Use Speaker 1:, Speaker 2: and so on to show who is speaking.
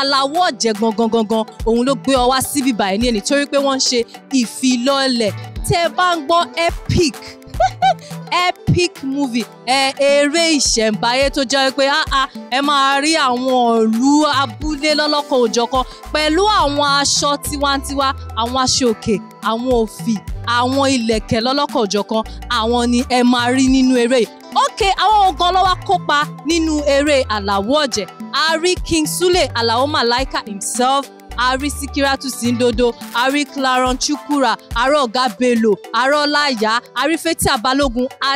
Speaker 1: aláwọ̀ ọ̀jẹ̀ gangan gangan òun ló gbé ọ wá síbí báyìí ní ẹni torí pé wọ́n ń ṣe ìfilọ́lẹ̀ tẹ́ ẹ bá ń gbọ́ epic epic movie ẹ eré ìṣẹ̀ǹbáyé tó jẹ́ pé ẹ máa rí àwọn ọ̀lú abúlé lọ́lọ́kan òjọ̀kan pẹ̀lú àwọn aṣọ tiwantiwa àwọn aṣọ òkè àwọn òfì àwọn ilẹ̀kẹ̀ lọ́lọ́kan òjọ̀kan àwọn ni ẹ máa rí nínú eré yìí okay àwọn ogan ló wá kópa nínú eré àlàwọ̀ ọ̀jẹ̀ a rí King Sule Alao Malaika himself a rí Sikiratu Sindodo a rí Claron Chukwura a rí Ọ̀gá Bello a rí a rí Fathia Balógun